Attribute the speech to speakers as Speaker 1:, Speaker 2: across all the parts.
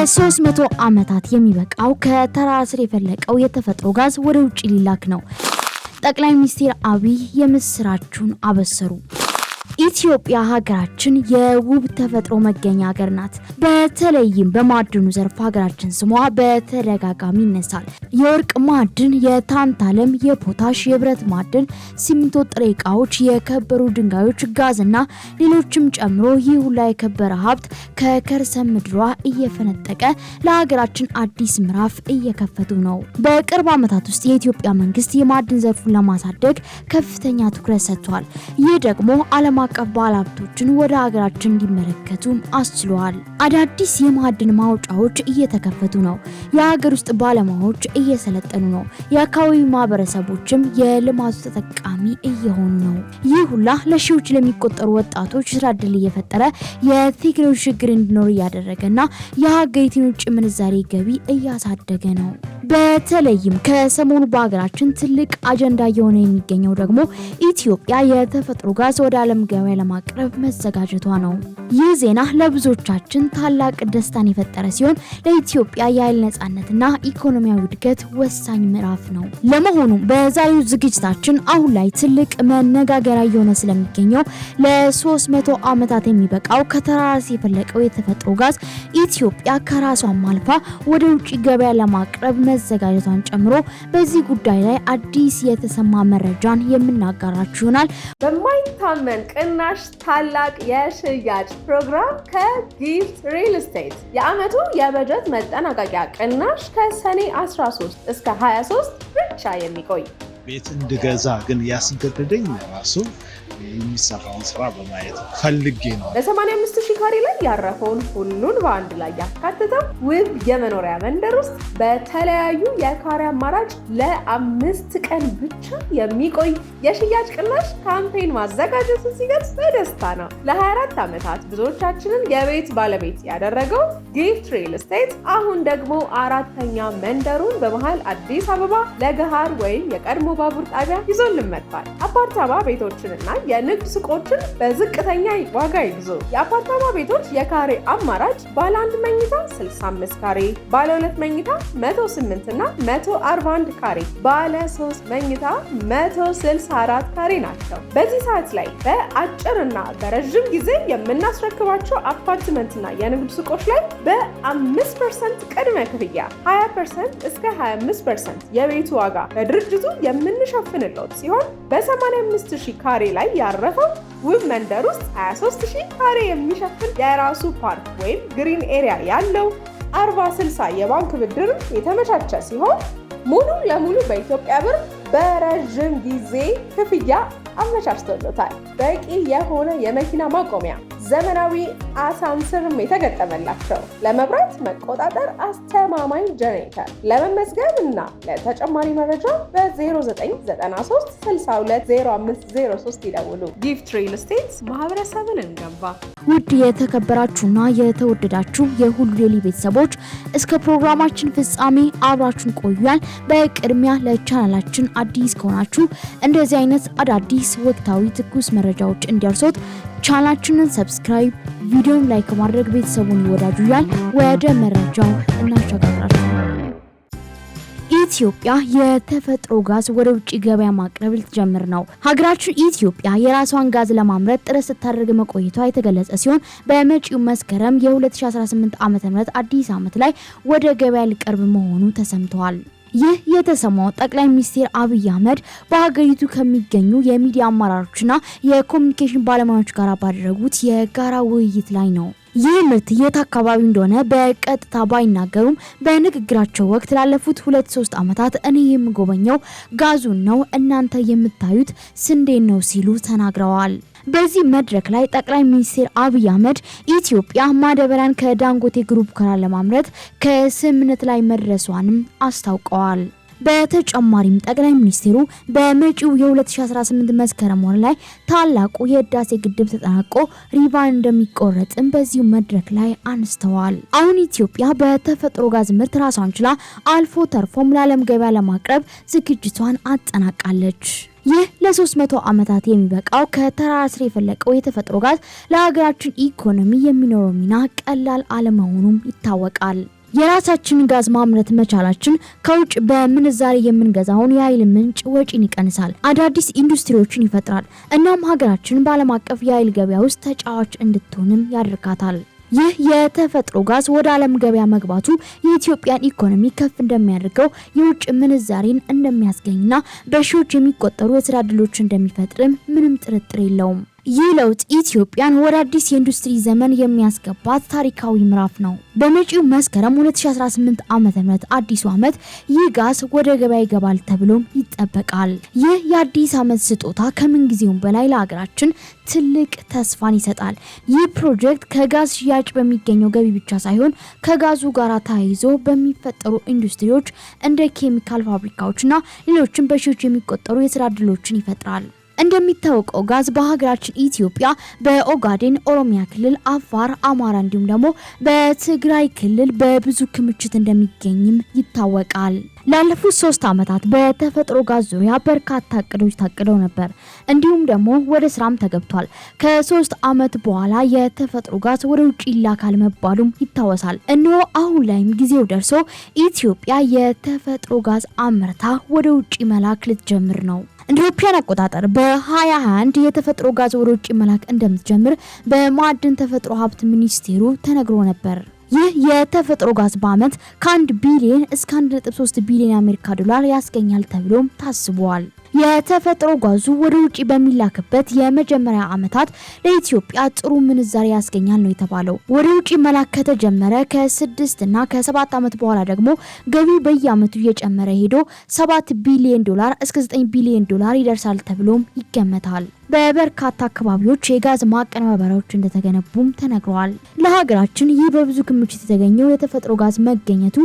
Speaker 1: ለ መቶ ዓመታት የሚበቃው ከተራ ስር የፈለቀው የተፈጥሮ ጋዝ ወደ ውጭ ሊላክ ነው። ጠቅላይ ሚኒስትር አብይ የምስራቹን አበሰሩ። ኢትዮጵያ ሀገራችን የውብ ተፈጥሮ መገኛ ሀገር ናት። በተለይም በማዕድኑ ዘርፍ ሀገራችን ስሟ በተደጋጋሚ ይነሳል። የወርቅ ማዕድን፣ የታንታለም፣ የፖታሽ፣ የብረት ማዕድን፣ ሲሚንቶ፣ ጥሬ እቃዎች፣ የከበሩ ድንጋዮች፣ ጋዝና ሌሎችም ጨምሮ ይህ ሁላ የከበረ ሀብት ከከርሰ ምድሯ እየፈነጠቀ ለሀገራችን አዲስ ምዕራፍ እየከፈቱ ነው። በቅርብ ዓመታት ውስጥ የኢትዮጵያ መንግስት የማዕድን ዘርፉን ለማሳደግ ከፍተኛ ትኩረት ሰጥቷል። ይህ ደግሞ ዓለም አቀፍ ባለሀብቶችን ወደ ሀገራችን እንዲመለከቱ አስችሏል። አዳዲስ የማዕድን ማውጫዎች እየተከፈቱ ነው። የሀገር ውስጥ ባለሙያዎች እየሰለጠኑ ነው። የአካባቢ ማህበረሰቦችም የልማቱ ተጠቃሚ እየሆኑ ነው። ይህ ሁላ ለሺዎች ለሚቆጠሩ ወጣቶች ስራ እድል እየፈጠረ የቴክኖሎጂ ችግር እንዲኖር እያደረገና የሀገሪቱን ውጭ ምንዛሬ ገቢ እያሳደገ ነው። በተለይም ከሰሞኑ በሀገራችን ትልቅ አጀንዳ እየሆነ የሚገኘው ደግሞ ኢትዮጵያ የተፈጥሮ ጋዝ ወደ ዓለም ገ ለገበያ ለማቅረብ መዘጋጀቷ ነው። ይህ ዜና ለብዙዎቻችን ታላቅ ደስታን የፈጠረ ሲሆን ለኢትዮጵያ የኃይል ነጻነትና ኢኮኖሚያዊ እድገት ወሳኝ ምዕራፍ ነው። ለመሆኑ በዛሬው ዝግጅታችን አሁን ላይ ትልቅ መነጋገሪያ እየሆነ ስለሚገኘው ለ300 ዓመታት የሚበቃው ከተራራስ የፈለቀው የተፈጥሮ ጋዝ ኢትዮጵያ ከራሷም አልፋ ወደ ውጭ ገበያ ለማቅረብ መዘጋጀቷን ጨምሮ በዚህ ጉዳይ ላይ አዲስ የተሰማ መረጃን የምናጋራችሁ ይሆናል።
Speaker 2: በማይታመን ቀን ቅናሽ ታላቅ የሽያጭ ፕሮግራም ከጊፍት ሪል ስቴት የዓመቱ የበጀት መጠናቀቂያ ቅናሽ ከሰኔ 13 እስከ 23 ብቻ የሚቆይ
Speaker 3: ቤት እንድገዛ ግን ያስገድደኝ ራሱ የሚሰራውን ስራ በማየት ፈልጌ ነው
Speaker 2: ለ በ85 ሺህ ካሬ ላይ ያረፈውን ሁሉን በአንድ ላይ ያካተተው ውብ የመኖሪያ መንደር ውስጥ በተለያዩ የካሬ አማራጭ ለአምስት ቀን ብቻ የሚቆይ የሽያጭ ቅናሽ ካምፔን ማዘጋጀቱን ሲገልጽ በደስታ ነው። ለ24 ዓመታት ብዙዎቻችንን የቤት ባለቤት ያደረገው ጊፍት ሪል ስቴት አሁን ደግሞ አራተኛ መንደሩን በመሃል አዲስ አበባ ለገሃር ወይም የቀድሞ ባቡር ጣቢያ ይዞ መጥቷል። አፓርታማ ቤቶችንና የንግድ ሱቆችን በዝቅተኛ ዋጋ ይግዙ። የአፓርታማ ቤቶች የካሬ አማራጭ ባለ አንድ መኝታ 65 ካሬ፣ ባለ ሁለት መኝታ 108 እና 141 ካሬ፣ ባለ ሶስት መኝታ 164 ካሬ ናቸው። በዚህ ሰዓት ላይ በአጭርና በረዥም ጊዜ የምናስረክባቸው አፓርትመንትና የንግድ ሱቆች ላይ በ5 ፐርሰንት ቅድመ ክፍያ 20 ፐርሰንት እስከ 25 ፐርሰንት የቤቱ ዋጋ በድርጅቱ የምንሸፍንለት ሲሆን በ85 ሺህ ካሬ ላይ ያረፈው ውብ መንደር ውስጥ ሺህ ካሬ የሚሸፍን የራሱ ፓርክ ወይም ግሪን ኤሪያ ያለው 40/60 የባንክ ብድር የተመቻቸ ሲሆን ሙሉ ለሙሉ በኢትዮጵያ ብር በረዥም ጊዜ ክፍያ አመቻችቶሎታል። በቂ የሆነ የመኪና ማቆሚያ ዘመናዊ አሳንስርም የተገጠመላቸው፣ ለመብራት መቆጣጠር አስተማማኝ ጀኔሬተር። ለመመዝገብ እና ለተጨማሪ መረጃ በ0993 620503 ይደውሉ። ጊፍት ሪል ስቴትስ ማህበረሰብን እንገንባ።
Speaker 1: ውድ የተከበራችሁና የተወደዳችሁ የሁሉ ዴይሊ ቤተሰቦች እስከ ፕሮግራማችን ፍጻሜ አብራችሁን ቆያል በቅድሚያ ለቻናላችን አዲስ ከሆናችሁ እንደዚህ አይነት አዳዲስ ወቅታዊ ትኩስ መረጃዎች እንዲያርሶት ቻናችንን ሰብስክራይብ፣ ቪዲዮን ላይክ ማድረግ ቤተሰቡን ይወዳጁ ያል ወደ መረጃው እናሸጋግራለን። ኢትዮጵያ የተፈጥሮ ጋዝ ወደ ውጭ ገበያ ማቅረብ ልትጀምር ነው። ሀገራችን ኢትዮጵያ የራሷን ጋዝ ለማምረት ጥረት ስታደርግ መቆየቷ የተገለጸ ሲሆን በመጪው መስከረም የ2018 ም አዲስ ዓመት ላይ ወደ ገበያ ሊቀርብ መሆኑ ተሰምተዋል። ይህ የተሰማው ጠቅላይ ሚኒስትር አብይ አህመድ በሀገሪቱ ከሚገኙ የሚዲያ አመራሮችና የኮሚኒኬሽን ባለሙያዎች ጋር ባደረጉት የጋራ ውይይት ላይ ነው። ይህ ምርት የት አካባቢ እንደሆነ በቀጥታ ባይናገሩም በንግግራቸው ወቅት ላለፉት ሁለት ሶስት ዓመታት እኔ የምጎበኘው ጋዙን ነው፣ እናንተ የምታዩት ስንዴን ነው ሲሉ ተናግረዋል። በዚህ መድረክ ላይ ጠቅላይ ሚኒስትር አብይ አህመድ ኢትዮጵያ ማዳበሪያን ከዳንጎቴ ግሩፕ ጋር ለማምረት ከስምምነት ላይ መድረሷንም አስታውቀዋል። በተጨማሪም ጠቅላይ ሚኒስትሩ በመጪው የ2018 መስከረም ወር ላይ ታላቁ የህዳሴ ግድብ ተጠናቆ ሪቫን እንደሚቆረጥም በዚሁ መድረክ ላይ አንስተዋል። አሁን ኢትዮጵያ በተፈጥሮ ጋዝ ምርት ራሷን ችላ አልፎ ተርፎም ለዓለም ገበያ ለማቅረብ ዝግጅቷን አጠናቃለች። ይህ ለ300 ዓመታት የሚበቃው ከተራ ስር የፈለቀው የተፈጥሮ ጋዝ ለሀገራችን ኢኮኖሚ የሚኖረው ሚና ቀላል አለመሆኑም ይታወቃል። የራሳችን ጋዝ ማምረት መቻላችን ከውጭ በምንዛሬ የምንገዛውን የኃይል ምንጭ ወጪን ይቀንሳል፣ አዳዲስ ኢንዱስትሪዎችን ይፈጥራል። እናም ሀገራችን በዓለም አቀፍ የኃይል ገበያ ውስጥ ተጫዋች እንድትሆንም ያደርጋታል። ይህ የተፈጥሮ ጋዝ ወደ ዓለም ገበያ መግባቱ የኢትዮጵያን ኢኮኖሚ ከፍ እንደሚያደርገው የውጭ ምንዛሬን እንደሚያስገኝና በሺዎች የሚቆጠሩ የስራ ዕድሎች እንደሚፈጥርም ምንም ጥርጥር የለውም። ይህ ለውጥ ኢትዮጵያን ወደ አዲስ የኢንዱስትሪ ዘመን የሚያስገባት ታሪካዊ ምዕራፍ ነው። በመጪው መስከረም 2018 ዓ.ም አዲሱ ዓመት ይህ ጋዝ ወደ ገበያ ይገባል ተብሎም ይጠበቃል። ይህ የአዲስ ዓመት ስጦታ ከምንጊዜውም በላይ ለሀገራችን ትልቅ ተስፋን ይሰጣል። ይህ ፕሮጀክት ከጋዝ ሽያጭ በሚገኘው ገቢ ብቻ ሳይሆን ከጋዙ ጋር ተያይዞ በሚፈጠሩ ኢንዱስትሪዎች እንደ ኬሚካል ፋብሪካዎችና ሌሎችም በሺዎች የሚቆጠሩ የስራ እድሎችን ይፈጥራል። እንደሚታወቀው ጋዝ በሀገራችን ኢትዮጵያ በኦጋዴን፣ ኦሮሚያ ክልል፣ አፋር፣ አማራ እንዲሁም ደግሞ በትግራይ ክልል በብዙ ክምችት እንደሚገኝም ይታወቃል። ላለፉት ሶስት ዓመታት በተፈጥሮ ጋዝ ዙሪያ በርካታ እቅዶች ታቅደው ነበር። እንዲሁም ደግሞ ወደ ስራም ተገብቷል። ከሶስት ዓመት በኋላ የተፈጥሮ ጋዝ ወደ ውጭ ይላካል መባሉም ይታወሳል። እነሆ አሁን ላይም ጊዜው ደርሶ ኢትዮጵያ የተፈጥሮ ጋዝ አምርታ ወደ ውጭ መላክ ልትጀምር ነው። እንደ ኢትዮጵያን አቆጣጠር በ2021 የተፈጥሮ ጋዝ ወደ ውጭ መላክ እንደምትጀምር በማዕድን ተፈጥሮ ሀብት ሚኒስቴሩ ተነግሮ ነበር። ይህ የተፈጥሮ ጋዝ በዓመት ከ1 ቢሊዮን እስከ 1.3 ቢሊዮን የአሜሪካ ዶላር ያስገኛል ተብሎም ታስቧል። የተፈጥሮ ጓዙ ወደ ውጭ በሚላክበት የመጀመሪያ ዓመታት ለኢትዮጵያ ጥሩ ምንዛሬ ያስገኛል ነው የተባለው። ወደ ውጭ መላክ ከተጀመረ ከስድስት እና ከሰባት ዓመት በኋላ ደግሞ ገቢው በየዓመቱ እየጨመረ ሄዶ ሰባት ቢሊዮን ዶላር እስከ ዘጠኝ ቢሊዮን ዶላር ይደርሳል ተብሎም ይገመታል። በበርካታ አካባቢዎች የጋዝ ማቀነባበሪያዎች እንደተገነቡም ተነግረዋል። ለሀገራችን ይህ በብዙ ክምችት የተገኘው የተፈጥሮ ጋዝ መገኘቱ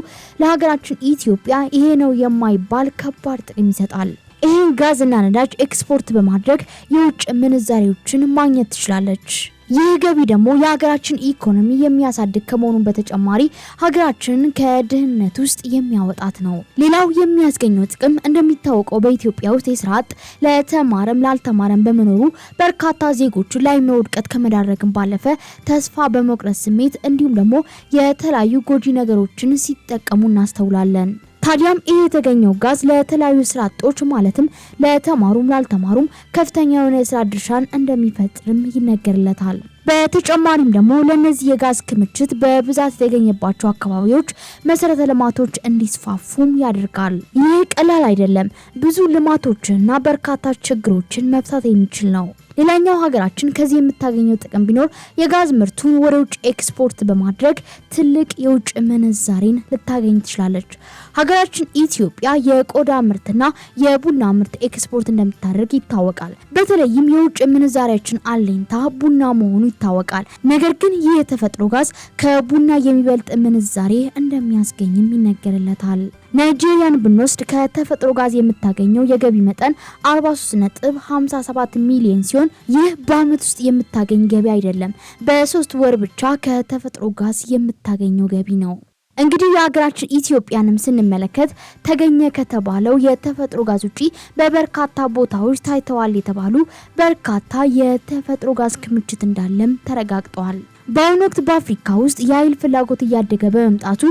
Speaker 1: ለሀገራችን ኢትዮጵያ ይሄ ነው የማይባል ከባድ ጥቅም ይሰጣል። ይህን ጋዝና ነዳጅ ኤክስፖርት በማድረግ የውጭ ምንዛሬዎችን ማግኘት ትችላለች። ይህ ገቢ ደግሞ የሀገራችን ኢኮኖሚ የሚያሳድግ ከመሆኑ በተጨማሪ ሀገራችንን ከድህነት ውስጥ የሚያወጣት ነው። ሌላው የሚያስገኘው ጥቅም እንደሚታወቀው በኢትዮጵያ ውስጥ የስራ አጥ ለተማረም ላልተማረም በመኖሩ በርካታ ዜጎቹ ላይ መውድቀት ከመዳረግን ባለፈ ተስፋ በመቁረጥ ስሜት እንዲሁም ደግሞ የተለያዩ ጎጂ ነገሮችን ሲጠቀሙ እናስተውላለን። ታዲያም ይህ የተገኘው ጋዝ ለተለያዩ ስራ አጦች ማለትም ለተማሩም ላልተማሩም ከፍተኛ የሆነ የስራ ድርሻን እንደሚፈጥርም ይነገርለታል። በተጨማሪም ደግሞ ለእነዚህ የጋዝ ክምችት በብዛት የተገኘባቸው አካባቢዎች መሰረተ ልማቶች እንዲስፋፉም ያደርጋል። ይህ ቀላል አይደለም፣ ብዙ ልማቶችንና በርካታ ችግሮችን መፍታት የሚችል ነው። ሌላኛው ሀገራችን ከዚህ የምታገኘው ጥቅም ቢኖር የጋዝ ምርቱን ወደ ውጭ ኤክስፖርት በማድረግ ትልቅ የውጭ ምንዛሬን ልታገኝ ትችላለች። ሀገራችን ኢትዮጵያ የቆዳ ምርትና የቡና ምርት ኤክስፖርት እንደምታደርግ ይታወቃል። በተለይም የውጭ ምንዛሪያችን አለኝታ ቡና መሆኑ ይታወቃል። ነገር ግን ይህ የተፈጥሮ ጋዝ ከቡና የሚበልጥ ምንዛሬ እንደሚያስገኝም ይነገርለታል። ናይጄሪያን ብንወስድ ከተፈጥሮ ጋዝ የምታገኘው የገቢ መጠን 43.57 ሚሊዮን ሲሆን ይህ በአመት ውስጥ የምታገኝ ገቢ አይደለም። በሶስት ወር ብቻ ከተፈጥሮ ጋዝ የምታገኘው ገቢ ነው። እንግዲህ የሀገራችን ኢትዮጵያንም ስንመለከት ተገኘ ከተባለው የተፈጥሮ ጋዝ ውጪ በበርካታ ቦታዎች ታይተዋል የተባሉ በርካታ የተፈጥሮ ጋዝ ክምችት እንዳለም ተረጋግጠዋል። በአሁኑ ወቅት በአፍሪካ ውስጥ የኃይል ፍላጎት እያደገ በመምጣቱ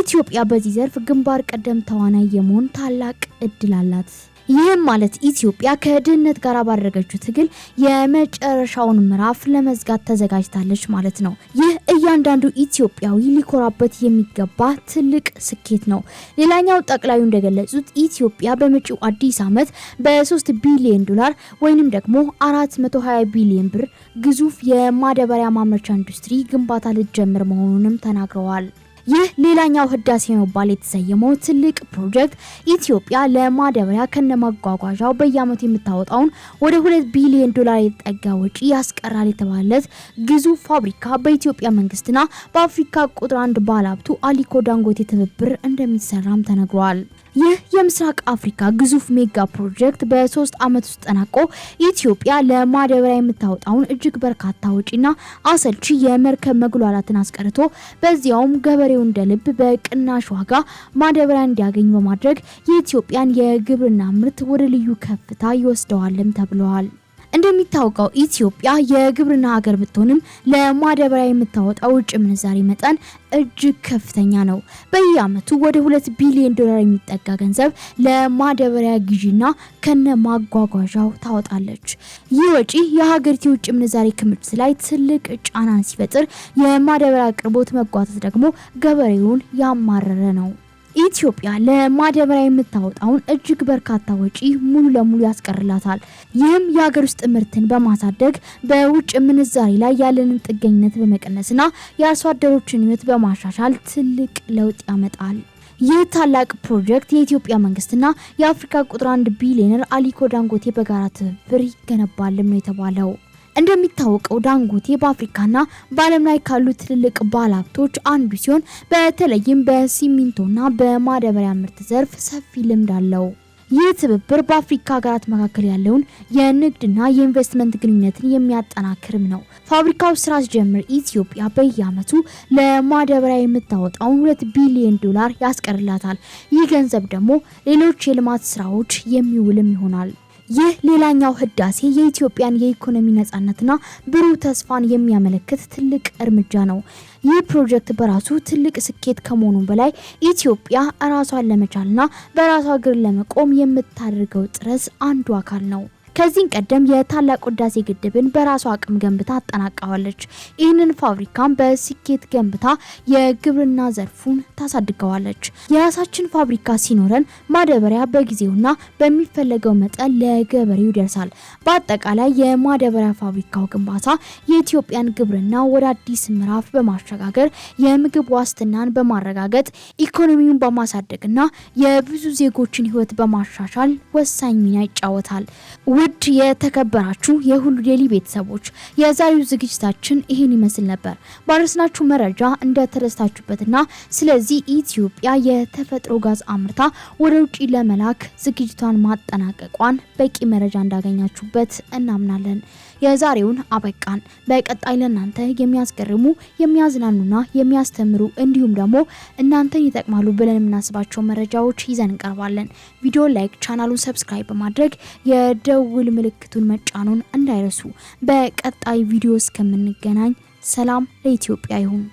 Speaker 1: ኢትዮጵያ በዚህ ዘርፍ ግንባር ቀደም ተዋናይ የመሆን ታላቅ እድል አላት። ይህም ማለት ኢትዮጵያ ከድህነት ጋር ባደረገችው ትግል የመጨረሻውን ምዕራፍ ለመዝጋት ተዘጋጅታለች ማለት ነው። ይህ እያንዳንዱ ኢትዮጵያዊ ሊኮራበት የሚገባ ትልቅ ስኬት ነው። ሌላኛው ጠቅላዩ እንደገለጹት ኢትዮጵያ በመጪው አዲስ ዓመት በ3 ቢሊዮን ዶላር ወይንም ደግሞ 420 ቢሊዮን ብር ግዙፍ የማዳበሪያ ማምረቻ ኢንዱስትሪ ግንባታ ልትጀምር መሆኑንም ተናግረዋል። ይህ ሌላኛው ህዳሴ መባል የተሰየመው ትልቅ ፕሮጀክት ኢትዮጵያ ለማዳበሪያ ከነማጓጓዣው በየአመቱ የምታወጣውን ወደ ሁለት ቢሊዮን ዶላር የጠጋ ወጪ ያስቀራል የተባለለት ግዙፍ ፋብሪካ በኢትዮጵያ መንግስትና በአፍሪካ ቁጥር አንድ ባለሀብቱ አሊኮ ዳንጎቴ ትብብር እንደሚሰራም ተነግሯል። ይህ የምስራቅ አፍሪካ ግዙፍ ሜጋ ፕሮጀክት በሶስት ዓመት ውስጥ ጠናቆ ኢትዮጵያ ለማዳበሪያ የምታወጣውን እጅግ በርካታ ወጪና አሰልቺ የመርከብ መጉላላትን አስቀርቶ በዚያውም ገበሬው እንደ ልብ በቅናሽ ዋጋ ማዳበሪያ እንዲያገኝ በማድረግ የኢትዮጵያን የግብርና ምርት ወደ ልዩ ከፍታ ይወስደዋልም ተብለዋል። እንደሚታወቀው ኢትዮጵያ የግብርና ሀገር ብትሆንም ለማዳበሪያ የምታወጣው ውጭ ምንዛሬ መጠን እጅግ ከፍተኛ ነው። በየአመቱ ወደ ሁለት ቢሊዮን ዶላር የሚጠጋ ገንዘብ ለማዳበሪያ ግዢና ከነ ማጓጓዣው ታወጣለች። ይህ ወጪ የሀገሪቱ የውጭ ምንዛሬ ክምችት ላይ ትልቅ ጫናን ሲፈጥር፣ የማዳበሪያ አቅርቦት መጓተት ደግሞ ገበሬውን ያማረረ ነው። ኢትዮጵያ ለማዳበሪያ የምታወጣውን እጅግ በርካታ ወጪ ሙሉ ለሙሉ ያስቀርላታል። ይህም የሀገር ውስጥ ምርትን በማሳደግ በውጭ ምንዛሬ ላይ ያለንን ጥገኝነት በመቀነስና የአርሶ አደሮችን ህይወት በማሻሻል ትልቅ ለውጥ ያመጣል። ይህ ታላቅ ፕሮጀክት የኢትዮጵያ መንግስትና የአፍሪካ ቁጥር አንድ ቢሊዮነር አሊኮ ዳንጎቴ በጋራ ትብብር ይገነባልም ነው የተባለው። እንደሚታወቀው ዳንጎቴ በአፍሪካና በዓለም ላይ ካሉ ትልልቅ ባለሀብቶች አንዱ ሲሆን በተለይም በሲሚንቶና በማዳበሪያ ምርት ዘርፍ ሰፊ ልምድ አለው። ይህ ትብብር በአፍሪካ ሀገራት መካከል ያለውን የንግድና የኢንቨስትመንት ግንኙነትን የሚያጠናክርም ነው። ፋብሪካው ስራ ሲጀምር ኢትዮጵያ በየአመቱ ለማዳበሪያ የምታወጣውን ሁለት ቢሊዮን ዶላር ያስቀርላታል። ይህ ገንዘብ ደግሞ ሌሎች የልማት ስራዎች የሚውልም ይሆናል። ይህ ሌላኛው ህዳሴ የኢትዮጵያን የኢኮኖሚ ነጻነትና ብሩህ ተስፋን የሚያመለክት ትልቅ እርምጃ ነው። ይህ ፕሮጀክት በራሱ ትልቅ ስኬት ከመሆኑ በላይ ኢትዮጵያ ራሷን ለመቻልና በራሷ እግር ለመቆም የምታደርገው ጥረት አንዱ አካል ነው። ከዚህ ቀደም የታላቁ ህዳሴ ግድብን በራሷ አቅም ገንብታ አጠናቀዋለች። ይህንን ፋብሪካም በስኬት ገንብታ የግብርና ዘርፉን ታሳድገዋለች። የራሳችን ፋብሪካ ሲኖረን ማዳበሪያ በጊዜውና በሚፈለገው መጠን ለገበሬው ይደርሳል። በአጠቃላይ የማዳበሪያ ፋብሪካው ግንባታ የኢትዮጵያን ግብርና ወደ አዲስ ምዕራፍ በማሸጋገር የምግብ ዋስትናን በማረጋገጥ ኢኮኖሚውን በማሳደግና የብዙ ዜጎችን ህይወት በማሻሻል ወሳኝ ሚና ይጫወታል። ውድ የተከበራችሁ የሁሉ ዴይሊ ቤተሰቦች የዛሬው ዝግጅታችን ይህን ይመስል ነበር። ባረስናችሁ መረጃ እንደተደሰታችሁበትና ስለዚህ ኢትዮጵያ የተፈጥሮ ጋዝ አምርታ ወደ ውጭ ለመላክ ዝግጅቷን ማጠናቀቋን በቂ መረጃ እንዳገኛችሁበት እናምናለን። የዛሬውን አበቃን። በቀጣይ ለእናንተ የሚያስገርሙ የሚያዝናኑና የሚያስተምሩ እንዲሁም ደግሞ እናንተን ይጠቅማሉ ብለን የምናስባቸው መረጃዎች ይዘን እንቀርባለን። ቪዲዮ ላይክ፣ ቻናሉን ሰብስክራይብ በማድረግ የደው የደውል ምልክቱን መጫኑን እንዳይረሱ። በቀጣይ ቪዲዮ እስከምንገናኝ ሰላም ለኢትዮጵያ ይሁን።